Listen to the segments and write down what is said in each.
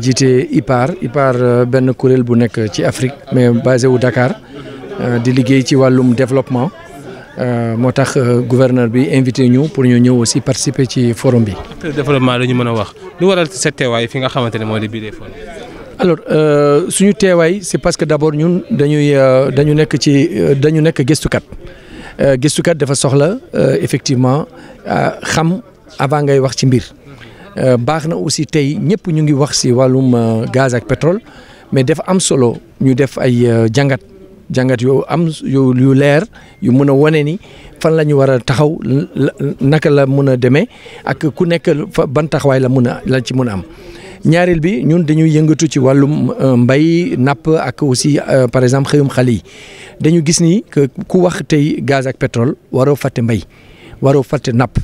jiite IPAR IPAR euh, benn kuréel bu nekk ci Afrique mais basé wu Dakar euh, di liggéey ci wàllum développement euh, moo tax gouverneur bi invité ñu pour ñu ñëw aussi participer ci forum bi. développement la ñu mën a wax lu waral sa teewaay fi nga xamante ne moo di bii alors suñu teewaay c'est parce que d'abord ñun dañuy dañu nekk ci dañu nekk gëstukat. Euh, gëstukat dafa soxla euh, effectivement euh, xam avant ngay wax ci mbir baax na aussi tey ñëpp ñu ngi wax si wàllum gaz ak pétrole mais dafa am solo ñu def ay jàngat jàngat yu am yu leer yu mën a wane ni fan la ñu war a taxaw naka la mën a demee ak ku nekk bantaxawaay taxawaay la mën a la ci mën a am ñaareel bi ñun dañuy yëngatu ci wàllum mbay napp ak aussi par exemple xëyum xale yi dañu gis ni que ku wax tey gaz ak pétrole waroo fàtte mbay waroo fàtte napp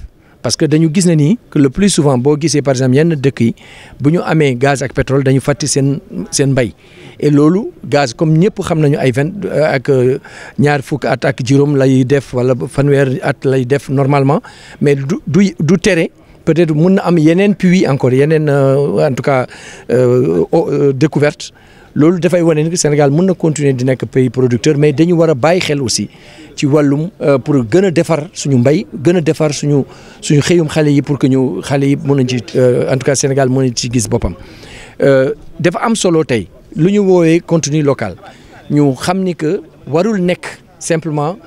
parce que dañu gis ne ni que le plus souvent boo gise par exemple yenn dëkk yi bu ñu amee gaz ak pétrole dañu fàtte seen seen mbay et loolu gaz comme ñëpp xam nañu ay vingt euh, ak euh, ñaar fukk at ak juróom lay def wala fanweer at lay def normalement mais du du du tere. peut-être mun na am yeneen puits encore yeneen euh, en tout cas découverte loolu dafay wane ni Sénégal mun na continuer di nekk pays producteur mais dañu war a bàyyi xel aussi ci wàllum euh, pour gën a defar suñu mbay gën a defar suñu suñu xëyum xale yi pour que ñu xale yi mën nañ ci euh, en tout cas Sénégal mën nañ ci gis boppam. Euh, dafa am solo tey lu ñu woowee contenu local ñu xam ni que warul nekk simplement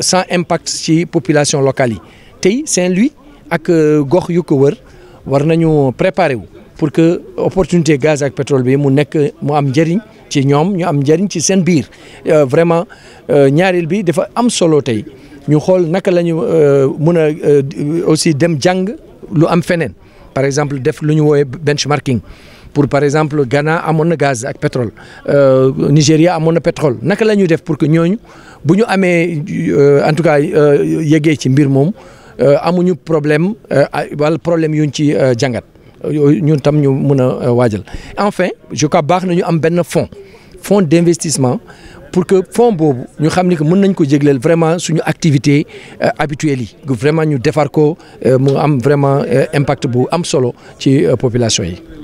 sans impact ci population locale yi tey Saint-Louis ak gox yu ko wër war nañu préparer wu. pour que opportunité gaz ak pétrole bi mu nekk mu am njëriñ ci ñoom ñu am njëriñ ci seen biir euh, vraiment euh, ñaareel bi dafa am solo tey ñu xool naka la ñu euh, mën a aussi dem jàng lu am feneen par exemple def lu ñu woowee benchmarking pour par exemple Ghana amoon na gaz ak pétrole Nigéria amoon na pétrole naka la ñuy def pour que ñooñu bu ñu amee en tout cas yeggee ci mbir moom amuñu problème wala problème ñu ci jàngat. yooyu ñun tam ñu mën a euh, waajal enfin je crois baax na ñu am benn fonds fonds d'investissement pour que fonds boobu ñu xam ni que mën nañ ko jégleel vraiment suñu activité euh, habituelle yi vraiment ñu defar ko euh, mu am vraiment impact bu am solo ci population yi